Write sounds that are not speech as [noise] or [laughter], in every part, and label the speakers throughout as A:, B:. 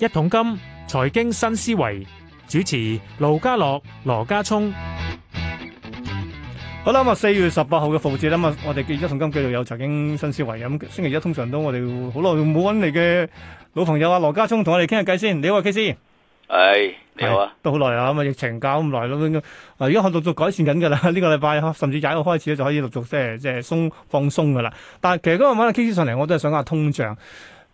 A: 一桶金財經新思維主持盧家樂、羅家聰。好啦，咁啊，四月十八號嘅復節啦，咁我哋嘅一桶金繼續有財經新思維。咁星期一通常都我哋好耐冇揾你嘅老朋友啊，羅家聰同我哋傾下偈先。你好啊 KC 係，
B: 你好啊，
A: 都好耐啦，咁啊疫情搞咁耐咯啊，而家陸續改善緊噶啦呢個禮拜甚至廿一號開始咧，就可以陸續即係即係鬆放鬆噶啦但係其實嗰晚阿 KC 上嚟，我都係想講下通脹。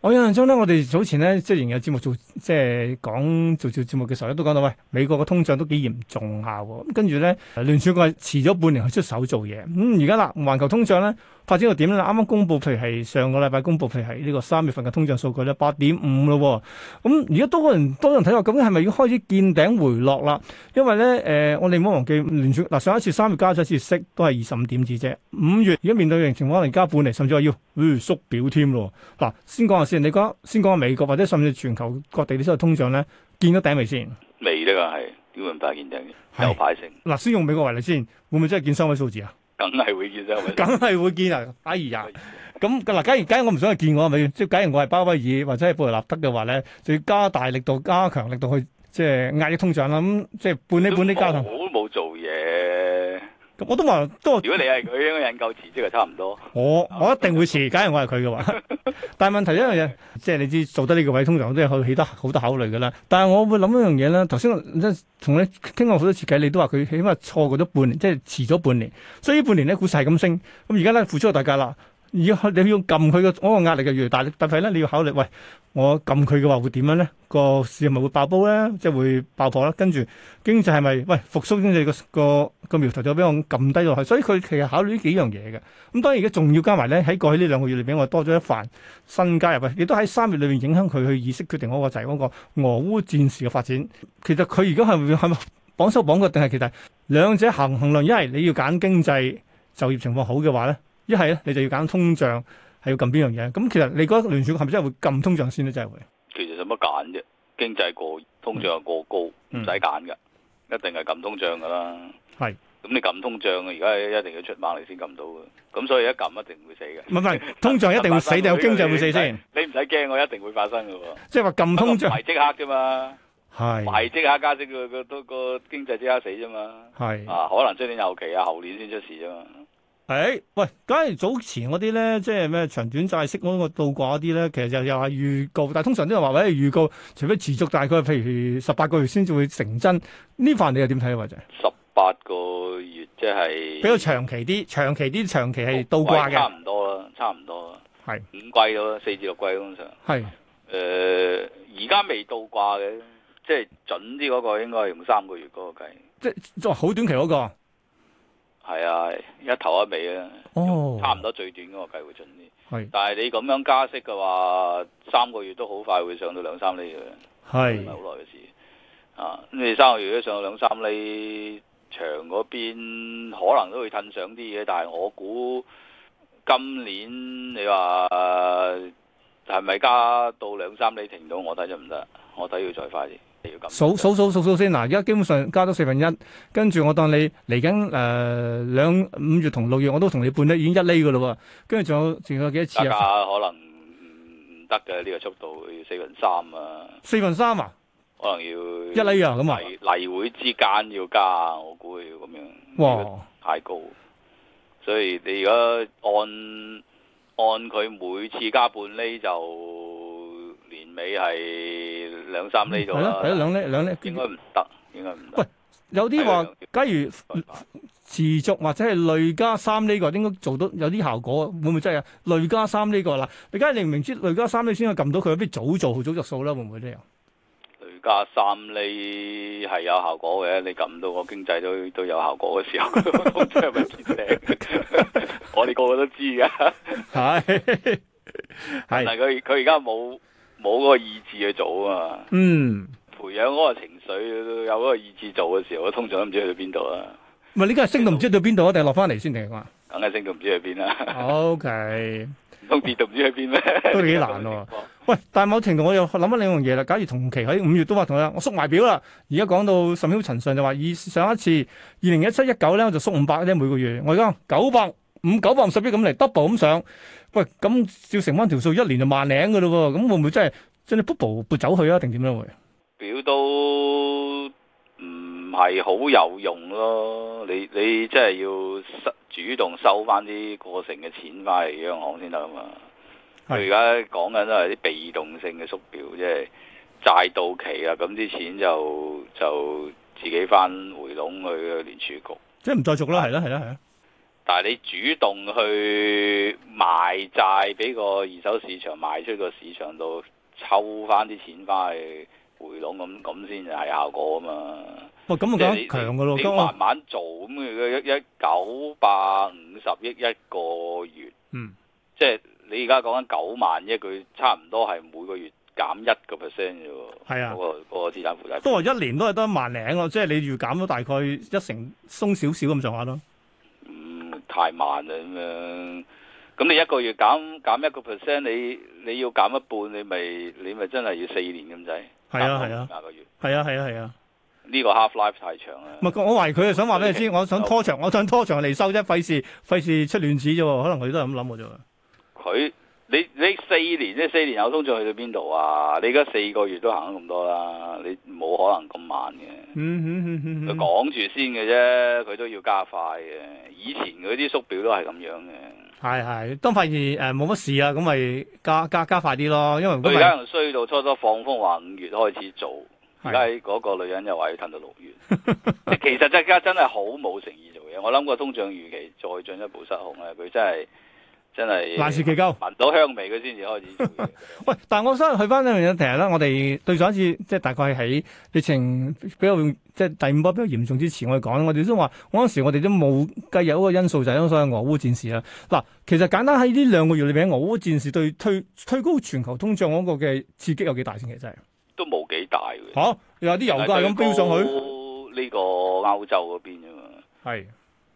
A: 我印象中咧，我哋早前咧即係有節目做即係講做做節目嘅時候咧，都講到喂美國嘅通脹都幾嚴重下喎、啊。跟住咧，聯儲局係遲咗半年去出手做嘢。咁而家啦，環球通脹咧發展到點咧？啱啱公布，譬如係上個禮拜公布，譬如係呢個三月份嘅通脹數據咧，八點五咯。咁而家多個人多人睇落，咁樣係咪已經開始見頂回落啦？因為咧，誒、呃、我哋唔好忘記聯儲嗱上一次三月加咗一次息都係二十五點子啫。五月如果面對疫情況，可能加半年，甚至係要縮、哎、表添咯。嗱，先講下先講人你講先講美國或者甚至全球各地啲收入通脹咧，見到頂未先？
B: 未得，個係啲文化現象，有排成？
A: 嗱，先用美國為例先，會唔會真係見，見三位數字啊？
B: 梗係 [laughs] 會見三位。梗
A: 係會見啊！哎呀，咁嗱， [laughs] [laughs] 假如假如我唔想去見我，咪即係假如我係鮑威爾或者係布雷納德嘅話咧，就要加大力度、加強力度去即係、就是、壓抑通脹啦。咁即係半呢半啲交騰。
B: 我都話多，如果你係佢應該引咎辭職，即係差唔多。
A: 我我一定會辭，假如我係佢嘅話。但係問題一樣嘢，即係你知，做得呢個位通常都係可以起得好多考慮噶啦。但係我會諗一樣嘢啦，頭先即係同你傾過好多次偈，你都話佢起碼錯過咗半年，即係遲咗半年。所以呢半年咧，股市係咁升，咁而家咧付出咗代價啦。要你要撳佢個嗰個壓力嘅越嚟越大，但係咧你要考慮，喂，我撳佢嘅話會點樣咧？個市係咪會爆煲咧？即係會爆破啦。跟住經濟係咪？喂，復甦經濟個個個苗頭就俾我撳低落去，所以佢其實考慮呢幾樣嘢嘅。咁當然而家仲要加埋咧，喺過去呢兩個月裏面我多咗一番新加入嘅，亦都喺三月裏面影響佢去意識決定嗰個就係嗰個俄烏戰事嘅發展。其實佢而家係咪？係係榜首榜嘅定係其實，兩者行行論，一係你要揀經濟就業情況好嘅話咧。一係咧，你就要揀通脹，係要撳邊樣嘢？咁其實你覺得聯儲會係咪真係會撳通脹先咧？真係會？
B: 其實有乜揀啫？經濟過熱，通脹過高，唔使揀嘅，一定係撳通脹嘅啦。係咁，你撳通脹，而家一定要出馬嚟先撳到嘅。咁所以一撳一定會死嘅。唔係唔係，通脹一定會死定有經濟會死先？你唔使驚，我一定會發生嘅喎。即係話撳通脹，即刻啫嘛。
A: 係
B: 即刻加息嘅，多個經濟即刻死啫嘛。係啊，可能今年後期啊，後年先出事啫嘛。
A: 誒、欸，喂，假如早前嗰啲咧，即係咩長短債息嗰個倒掛嗰啲咧，其實就又係預告，但係通常都係話畀你預告，除非持續大概譬如十八個月先至會成真，呢份你又點睇？或者
B: 十八個月即係比較長
A: 期啲，長期啲長期係倒掛嘅，差唔
B: 多啦，差唔多啦，係五是季咯，四至六季通常係，誒是，而家未倒掛嘅，即係準啲嗰個應該用三個月嗰個計，
A: 即係好短期嗰、嗰個。
B: 係啊，一頭一尾啊，差唔多最短嗰個計會準啲。係是，但係你咁樣加息嘅話，三個月都好快會上到兩三厘嘅，
C: 係唔係好
B: 耐嘅事？啊，你三個月都上到兩三厘，長嗰邊可能都會趁上啲嘅，但係我估今年你話係咪加到兩三厘停到？我睇就唔得。我睇要再快啲。數數
A: 數數數先，嗱，而家基本上加咗四分一，跟住我當你嚟緊誒兩五月同六月，我都同你半呢，已經一厘嘅咯，跟住仲有仲有幾多次啊？可能
B: 唔唔得嘅呢個速度要四分三啊！四分三啊？可能要一厘啊？咁啊？例會之間要加，我估要咁樣，
A: 哇，
B: 太高，所以你而家按按佢每次加半厘就。尾係兩三厘度啦，係兩厘兩厘，
A: 兩厘應該唔得，應該唔得。喂，有啲話，的假如次持續或者係累加三厘個，應該做到有啲效果，會唔會真係啊？累加三厘個嗱，你梗係你唔明知累加三厘先可以撳到佢，不如早做早着數啦，會唔會咧？
B: 累加三厘係有，有效果嘅，你撳到個經濟都都有效果嘅時候，真係唔我哋個個都知嘅，係 [laughs] 係。 [laughs] 但佢佢而家冇。冇嗰個意志去做啊嘛，嗯，培養嗰個情緒，有嗰個意志做嘅時候，我通常都唔知去到邊度啦。
A: 唔係呢家升到唔知去到邊度，定係落翻嚟先定係嘛？
B: 梗係升到唔知去邊啦。OK，都跌到唔知去邊咩？都幾難喎。
A: 喂，但係某程度我又諗翻另一樣嘢啦。假如同期喺五月都話同樣，我縮埋表啦。而家講到十秒陳尚就話，以上一次二零一七一九咧，我就縮五百咧每個月。我而家九百。五九百五十億咁嚟 double 咁上，喂咁照成翻條數一年就萬零嘅咯喎，咁會唔會真係將啲 bubble 撥走去啊？定點樣會？
B: 表都唔係好有用咯，你你真係要收主動收翻啲過剩嘅錢翻嚟央行先得啊嘛。佢而家講緊都係啲被動性嘅縮表，即係債到期啊，咁啲錢就就自己翻回籠去聯儲局，
A: 即係唔再續啦，係啦，係啦，係啊。
B: 但係你主動去賣債，俾個二手市場賣出個市場度抽翻啲錢翻去回籠，咁咁先係效果啊嘛。
A: 哇、哦，咁更強噶咯、嗯，你慢
B: 慢做咁，佢一一九百五十億一個月，嗯，即係你而家講緊九萬億，佢差唔多係每個月減一個 percent 啫喎。係啊，嗰個嗰個資產負債。不過
A: 一年都係得萬零咯，即係你預減都大概一成鬆少少咁上下咯。
B: 太慢啦咁樣，咁你一個月減減一個 percent，你你要減一半，你咪你咪真係要四年咁滯。係啊係啊，廿、
A: 啊、個月。係啊係啊係啊，
B: 呢、啊啊、個 half life 太長啦。唔係我懷疑佢係想話畀你知以，我想拖
A: 長，我想拖長嚟收啫，費事費事出亂子啫喎。可能佢都係咁諗嘅啫。
B: 佢。你你四年，你四年有通脹去到邊度啊？你而家四個月都行咗咁多啦，你冇可能咁慢嘅、嗯。嗯嗯佢講住、嗯、先嘅啫，佢都要加快嘅。以前嗰啲縮表都係咁樣
A: 嘅。係係，當發現誒冇乜事啊，咁咪加加加快啲咯。因為而家又
B: 衰到初初放風話五月開始做，而家嗰個女人又話要褪到六月。 [laughs] 其實即係真係好冇誠意做嘢。我諗個通脹預期再進一步失控咧，佢真係。真係難事其夠，聞到香味佢先至開
A: 始。 [laughs] 喂，但係我想去翻一樣嘢，提下咧，我哋對上一次即係大概喺疫情比較即係第五波比較嚴重之前，我哋講，我哋都話，我嗰時我哋都冇計有一個因素，就係因為俄烏戰事啦。嗱，其實簡單喺呢兩個月裏邊，俄烏戰事對推推高全球通脹嗰個嘅刺激有，大有幾大先？啊、其實
B: 都冇幾大嘅嚇，啲油價係咁飆上去呢個歐洲嗰邊啫嘛，係。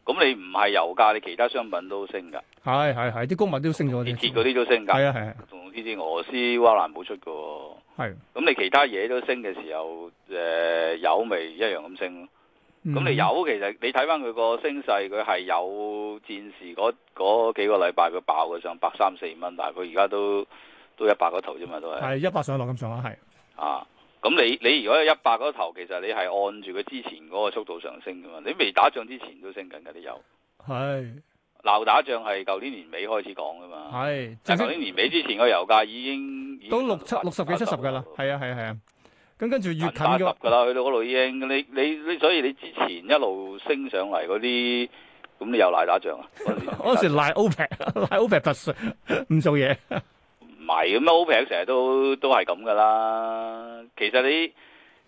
B: 咁你唔係油價，你其他商品都升噶，
A: 係係係，啲穀物都升咗啲，鐵嗰啲都升噶，係啊係，
B: 同啲啲俄斯烏蘭冇出噶，係的。咁你其他嘢都升嘅時候，誒、呃、油咪一樣咁升咯。咁、嗯、你油，其實你睇翻佢個升勢，佢係有戰時嗰嗰幾個禮拜佢爆嘅上百三四蚊，但係佢而家都都一百個頭啫嘛都係。係
A: 一百上落咁上啊，係
B: 啊。咁、嗯、你你如果有一百嗰頭，其實你係按住佢之前嗰個速度上升噶嘛？你未打仗之前都升緊噶啲油，係鬧是打仗係舊年年尾開始講噶嘛？係即係舊年年尾之前個油價已經都六七已 60, 六十
A: 幾七十噶啦，係啊係啊係啊。咁跟住越近嘅
B: 啦，去到嗰度已經你你你，所以你之前一路升上嚟嗰啲，咁你又賴打仗啊？
A: 嗰時賴歐佩，賴歐佩不熟唔做嘢。 [laughs] [laughs] [laughs] [laughs]
B: 賣咁樣，OPEC 成日都都係咁噶啦。其實你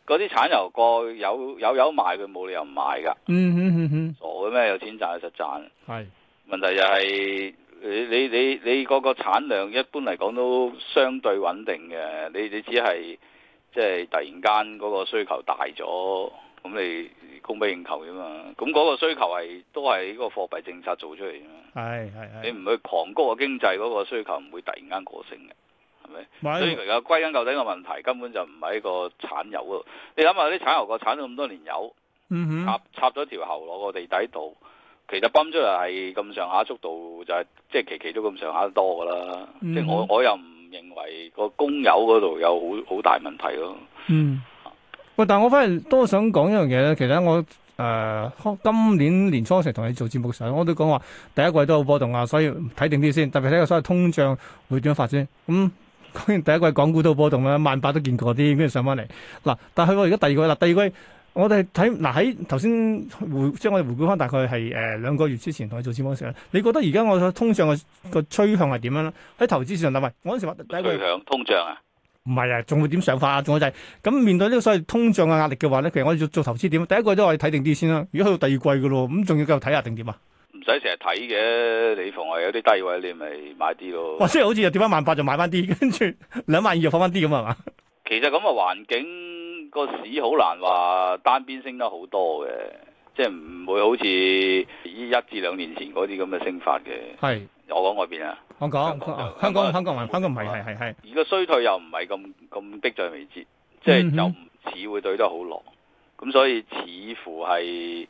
B: 嗰啲產油國有有有賣，佢冇理由唔賣㗎。嗯嗯、
C: mm hmm.
B: 傻嘅咩？有錢賺實賺。
C: 係
B: 是問題就係、是、你你你你嗰個產量一般嚟講都相對穩定嘅。你你只係即係突然間嗰個需求大咗。咁你供不應求嘅嘛？咁嗰個需求係都係呢個貨幣政策做出嚟
C: 嘅嘛？係係係。你
B: 唔去狂谷個經濟嗰、嗰個需求，唔會突然間過剩嘅，係咪？是所以而家歸根究底嘅問題，根本就唔係一個產油度。你諗下啲產油國產咗咁多年油，嗯、哼插插咗條喉落個地底度，其實泵出嚟係咁上下速度、就係，就係即係期期都咁上下多㗎啦。即係、嗯、我我又唔認為個供油嗰度有好好大問題咯。嗯。
A: 但係我反而都想講一樣嘢咧，其實我誒、呃、今年年初成日同你做節目時，我都講話第一季都有波動啊，所以睇定啲先，特別睇個所謂通脹會點樣發展。咁當然第一季港股都有波動啦，萬八都見過啲，跟住上翻嚟嗱。但係我而家第二季嗱，第二季我哋睇嗱喺頭先回，即係我哋回顧翻大概係誒、呃、兩個月之前同你做節目時咧，你覺得而家我通脹嘅個趨向係點樣咧？喺投資上，唔係我嗰時話
B: 第二季通脹啊。
A: 唔係啊，仲會點想法啊？仲有就係咁面對呢個所謂通脹嘅壓力嘅話咧，其實我哋要做投資點？第一個都係睇定啲先啦。如果去到第二季噶咯，咁仲要繼續睇下定點啊？
B: 唔使成日睇嘅，你逢係有啲低位，你咪買啲咯。哇、哦！即係好似又
A: 跌翻萬八就買翻啲，跟住兩萬二又放翻啲咁啊嘛？
B: 其實咁嘅環境，個市好難話單邊升得好多嘅，即係唔會好似依一至兩年前嗰啲咁嘅升法嘅。係。我
A: 講外邊啊，香港、香港、香港還、香港唔係
B: 係係係。而個衰退又唔係咁咁迫在眉睫，
A: 即係又
B: 似會對得好落，咁、嗯、哼所以似乎係誒。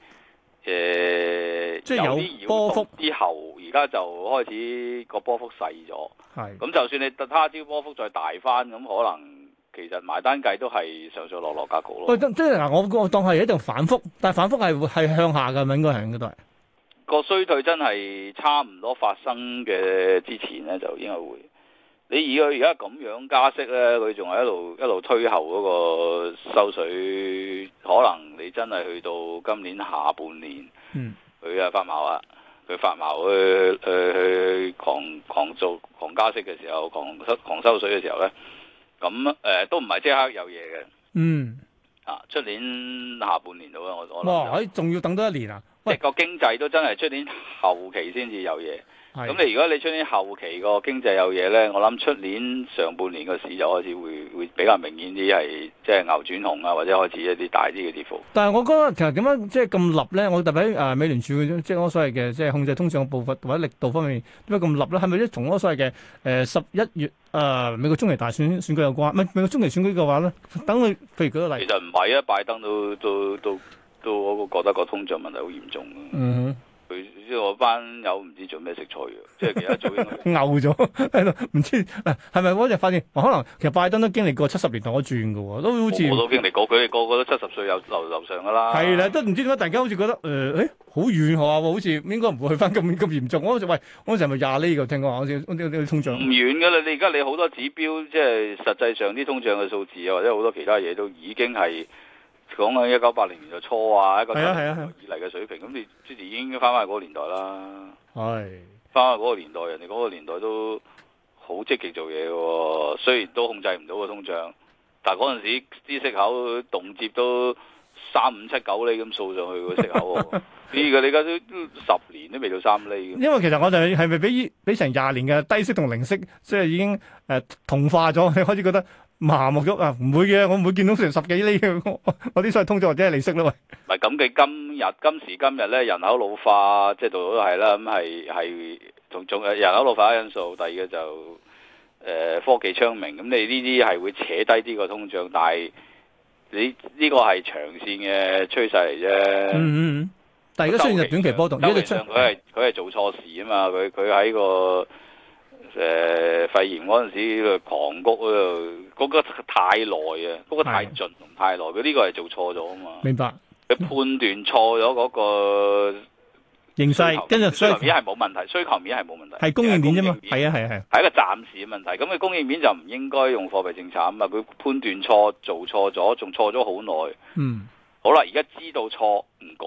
B: 呃、即係有波幅之後，而家就開始個波幅細咗，
C: 係是。咁就
B: 算你得他朝波幅再大翻，咁可能其實埋單計都係上上落落格局咯。
A: 即即，嗱，我我當係一定反覆，但係反覆係會係向下㗎，應該係應該都係。
B: 個衰退真係差唔多發生嘅之前咧，就應該會。你以佢而家咁樣加息咧，佢仲係一路一路推後嗰個收水，可能你真係去到今年下半年，佢啊、嗯、發毛啦，佢發毛去去去、呃、狂狂做狂加息嘅時候，狂，狂收狂收水嘅時候咧，咁誒、呃、都唔係即刻有嘢嘅。嗯。出年下半年到啦，我我
A: 諗。哇、哦！仲要等多一年啊？即係
B: 喂，個經濟都真係出年後期先至有嘢。咁你如果你出年後期個經濟有嘢咧，我諗出年上半年個市就開始會會比較明顯啲，係即係牛轉紅啊，或者開始一啲大啲嘅跌幅。
A: 但係我覺得其實點解即係咁立咧，我特別喺誒美聯儲即係我所謂嘅即係控制通脹嘅步伐或者力度方面點解咁立咧？係咪一同嗰個所謂嘅誒十一月啊、呃、美國中期大選選舉有關？唔係美國中期選舉嘅話咧，等佢譬如舉個例，
B: 其實唔係啊，拜登都都都都我覺得個通脹問題好嚴重啊。嗯哼。我班友唔知做咩食菜
A: 嘅，即係其他做嘢牛咗，唔 [laughs] 知係咪？是是我就發現可能其實拜登都經歷過七十年代嗰轉嘅喎，都好似我，我都經
B: 歷過，佢哋個個都七十歲又樓樓上嘅啦。係
A: 啦，都唔知點解大家好似覺得誒，誒、呃、好、欸、遠喎，啊，好似應該唔會去翻咁咁嚴重。我嗰時喂，我成日咪廿呢個聽講？我先，我呢個通脹唔遠
B: 嘅啦。你而家你好多指標，即係實際上啲通脹嘅數字啊，或者好多其他嘢都已經係。講緊一九八零年代初啊，一個以嚟嘅水平，咁你之前已經翻翻嗰個年代啦，係翻去嗰個年代，人哋嗰個年代都好積極做嘢嘅，哦，雖然都控制唔到個通脹，但係嗰陣時啲息口動接都三五七九厘咁掃上去個息口，呢 [laughs] 個你而家都十年都未到三厘 [laughs] 因為其
A: 實我就係咪俾俾成廿年嘅低息同零息，即係已經誒、呃、同化咗，你開始覺得。麻木咗啊！唔會嘅，我唔會見到成十幾釐嘅。我啲所謂通脹或者係利息啦，喂。
B: 唔係咁嘅，今日今時今日咧，人口老化即係度度都係啦。咁係係同仲有人口老化因素，第二個就誒科技昌明。咁你呢啲係會扯低啲個通脹，但係你呢個係長線嘅趨勢嚟啫。嗯嗯嗯。
A: 但係而家雖然係短期波動，因為
B: 佢係佢係做錯事啊嘛。佢佢喺個誒。呃肺炎嗰陣時，狂谷嗰個，嗰個太耐啊，嗰個太盡，太耐。佢呢個係做錯咗啊嘛。明白，佢判斷錯咗嗰個
A: 形勢，跟住需求
B: 面係冇問題，需求面係冇問題，
A: 係供應面啫嘛。係啊係啊係，
B: 係一個暫時嘅問題。咁佢供應面就唔應該用貨幣政策。咁啊，佢判斷錯，做錯咗，仲錯咗好耐。嗯。好啦，而家知道錯唔改，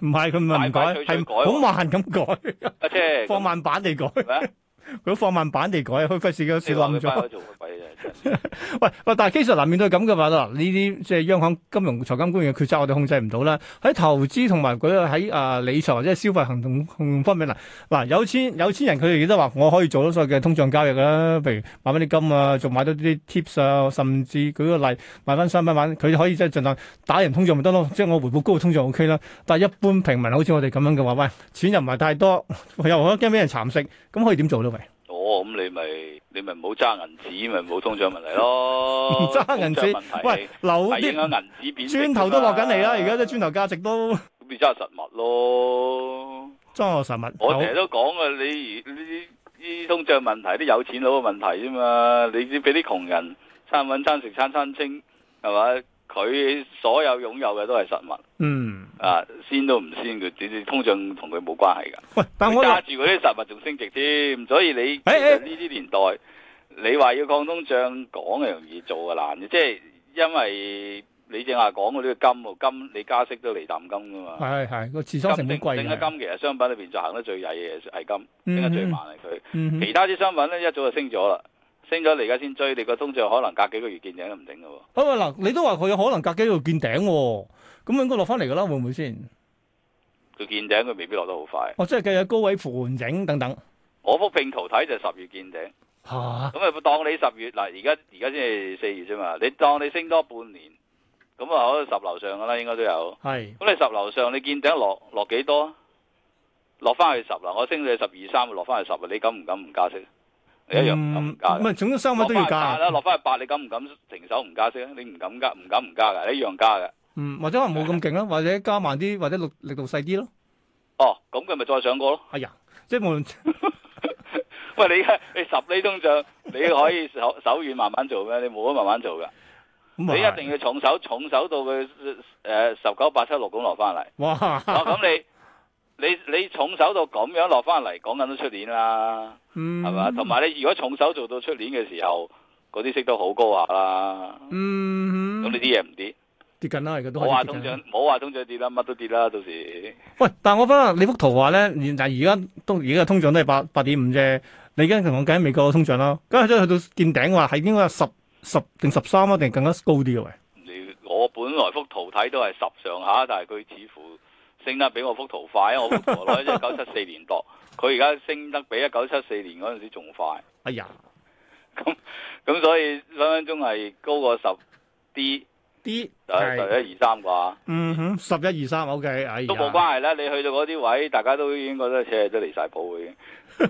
B: 唔
A: 係佢咪唔改，佢改。好慢咁改，即係放慢版嚟改。佢放慢版地改，佢費事有少諗咗。喂 [laughs] 喂，但係其實嗱，面對咁嘅話啦，呢啲即係央行、金融、財金官員嘅決策，我哋控制唔到啦。喺投資同埋佢喺啊理財或者係消費行動，行動方面嗱嗱、啊，有錢有錢人佢哋都話我可以做咗所謂嘅通脹交易啦，譬如買翻啲金啊，仲買多啲 tips 啊，甚至舉個例買翻三百萬，佢可以即係盡量打人通脹咪得咯，即係我回報高嘅通脹 OK 啦。但係一般平民好似我哋咁樣嘅話，喂，錢又唔係太多，又驚俾人蠶食，咁可以點做咧？
B: 哦，咁、嗯、你咪你咪唔好揸銀紙咪冇通脹問題咯，唔揸銀紙，問題喂，留啲磚頭都落緊嚟啦，而家
A: 啲磚頭價值都，
B: 咪 [laughs] 揸實物咯，
A: 揸實物。我成日都
B: 講啊，你呢啲通脹問題啲有錢佬嘅問題啫嘛，你啲俾啲窮人餐搵餐食，餐餐清，係咪？佢所有擁有嘅都係實物，嗯啊，先都唔先，佢只點通脹同佢冇關係噶。喂，但係揸住嗰啲實物仲升值添，所以你、欸、其實呢啲年代，欸、你話要抗通脹講啊容易做啊難，即係因為你正話講嗰啲金金，你加息都嚟啖金噶嘛。係
A: 係個持倉成本貴，定嘅金，
B: 金其實商品裏邊就行得最曳嘅係金，升得、嗯、哼最慢係佢，嗯、哼其他啲商品咧一早就升咗啦。升咗嚟，而家先追，你個通脹可能隔幾個月見頂都唔定嘅。
A: 不過嗱，你都話佢有可能隔幾個月見頂，啊，咁、啊啊、應該落翻嚟噶啦，會唔會先？
B: 佢見頂佢未必落得好快。
A: 哦，即係計下高位盤整等等。
B: 我幅拼圖睇就十月見頂。吓，咁啊，當你十月嗱，月而家而家先係四月啫嘛，你當你升多半年，咁啊，喺十樓上噶啦，應該都有。係是。咁你十樓上你見頂落落幾多？落翻去十嗱，我升你十二三，3，落翻去十啊，你敢唔敢唔加息？你一樣加，唔係，總之三蚊都要加。落翻去八，你敢唔敢停手唔加息？你唔敢加，唔敢唔加噶，一樣加嘅。
A: 嗯，或者我冇咁勁啦，的或者加慢啲，或者力力度細啲咯。
B: 哦，咁佢咪再上過咯。哎呀，
A: 即係無論，
B: [laughs] 喂你，你十厘通脹你可以手 [laughs] 手軟慢慢做咩？你冇得慢慢做噶，
A: 就是、你一定
B: 要重手重手到佢誒、呃、十九八七六咁落翻嚟。
C: 哇！啊咁
B: 你。嗯嗯嗯你你重手到咁樣落翻嚟，講緊都出年啦，
C: 係嘛？同埋
B: 你如果重手做到出年嘅時候，嗰啲息都好高、啊嗯、哼下啦。
A: 嗯，
B: 咁呢啲嘢唔跌，跌
A: 緊啦，而家都好話通
B: 脹，冇話通脹跌啦，乜都跌啦，到時。
A: 喂，但係我翻你幅圖話咧，而但係而家通而家嘅通脹都係八八點五啫。你 8, 8. 而家同我講緊美國嘅通脹咯，咁即係去到見頂話係應該有十十定十三啊，定更加高啲嘅喂？
B: 你我本來幅圖睇都係十上下，但係佢似乎。升得比我幅圖快，因我幅圖攞一九七四年度。佢而家升得比一九七四年嗰陣時仲快。哎呀，咁咁所以分分鐘係高過十 D D。D?
A: 是十一二、二、三啩。嗯哼，十一二、二、okay, 哎、三，OK。都冇關
B: 係啦。你去到嗰啲位，大家都已經覺得車都離晒譜
A: 嘅。喂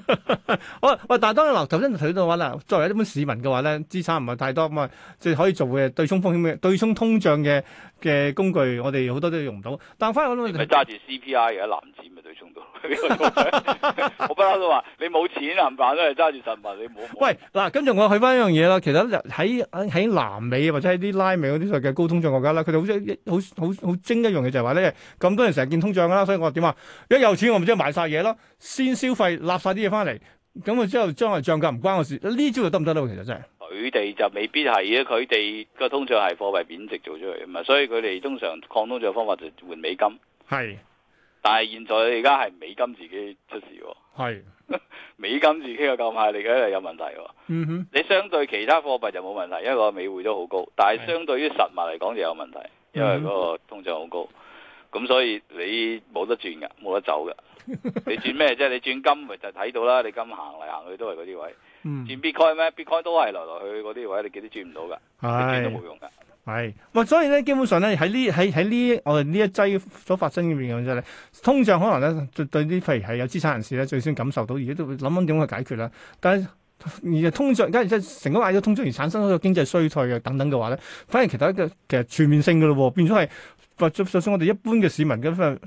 A: 喂、 [laughs] 哦，但係當然嗱，頭先提到話嗱，作為一般市民嘅話咧，資產唔係太多咁啊，即、嗯、係可以做嘅對沖風險嘅、對沖通脹嘅嘅工具，我哋好多都用唔到。
B: 但係去，而我都係揸住 CPI 嘅籃子咪對沖到。 [laughs] [laughs] [laughs] 我不嬲都話你冇錢，唔扮都係揸住實物。你冇。
A: 喂，嗱，跟住我去翻一樣嘢啦。其實喺喺南美或者喺啲拉美嗰啲世界高通脹佢哋好似一好好好精一樣嘢就係話咧，咁多人成日見通脹㗎啦，所以我點啊，一有錢我咪即係買晒嘢咯，先消費，立晒啲嘢翻嚟，咁啊之後將來漲價唔關我事，呢招就得唔得咯？其實真係，
B: 佢哋就未必係啊，佢哋個通脹係貨幣貶值做出嚟，咁啊，所以佢哋通常抗通脹方法就換美金，係。但係現在而家係美金自己出事
A: 喎，
B: 是 [laughs] 美金自己個購買力嚟嘅，有問題
A: 喎。
B: 嗯、哼你相對其他貨幣就冇問題，因為個美匯都好高。但係相對於實物嚟講就有問題，
C: 因為嗰個
B: 通脹好高。咁、嗯、哼所以你冇得轉嘅，冇得走嘅。 [laughs] 你轉咩？即係你轉金咪就睇到啦。你金行嚟行去都係嗰啲位。轉、嗯、bitcoin 咩 bitcoin 都係來來去去嗰
A: 啲位，你幾是都轉唔到噶，幾都冇用噶。係，哇！所以咧，基本上咧，喺呢喺喺呢，我哋呢一劑所發生嘅變相就係，通脹可能咧對啲譬如係有資產人士咧，最先感受到，而家都諗緊點樣去解決啦。但係而通脹，而即係成個嗌咗通脹而產生咗經濟衰退嘅等等嘅話咧，反而其他嘅其實全面性噶咯，變咗係或就算我哋一般嘅市民咁
B: 份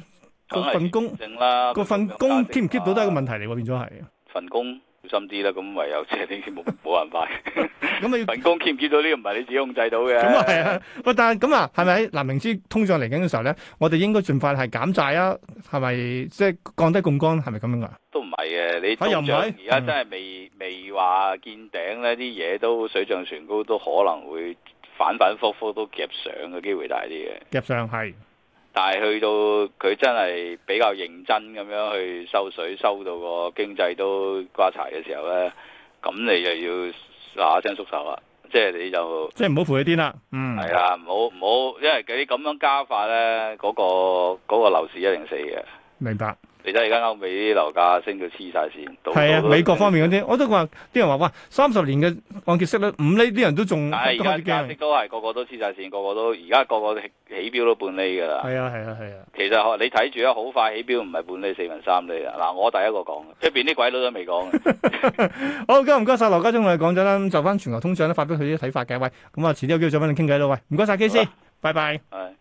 B: 工，嗰份工 keep 唔 keep 到都係一
A: 個問題嚟，變咗係
B: 份工。小心啲啦，咁唯有即係呢啲冇冇辦法。咁你份工見唔見到呢個，唔係你自己控制到嘅。咁啊係
A: 啊，喂，但係咁啊，係咪？嗱，明知通脹嚟緊嘅時候咧，我哋應該盡快係減債啊，係咪？即係降低槓杆，係咪咁樣噶？
B: 都唔係嘅，你通脹而家真係未未話見頂咧，啲嘢都水漲船高，都可能會反反复复都夾上嘅機會大啲嘅。夾上係。但係去到佢真係比較認真咁樣去收水，收到個經濟都瓜柴嘅時候咧，咁你就要嗱聲縮手啦，即係你就
A: 即係唔好扶佢癲啦，嗯，係啊，唔
B: 好唔好，因為佢咁樣加法咧，嗰個，嗰個樓市一定死嘅，
A: 明白。
B: 你睇而家歐美啲樓價升到黐曬線，係啊！美國方面
A: 嗰啲，我都話啲人話哇，三十年嘅按揭息率五厘，啲人都仲驚。加息
B: 都係個個都黐曬線，個個都而家個個起標都半厘噶啦。係啊，係啊，係啊！其實你睇住咧，好快起標唔係半厘四分三厘啊！嗱，我第一個講嘅，出邊啲鬼佬都未講。
A: 好，唔該曬，羅家聰我哋講咗啦。咁就翻全球通脹咧，發表佢啲睇法嘅。喂，咁啊，遲啲有機會再揾你傾偈咯。喂，唔該曬，KC，拜拜。係。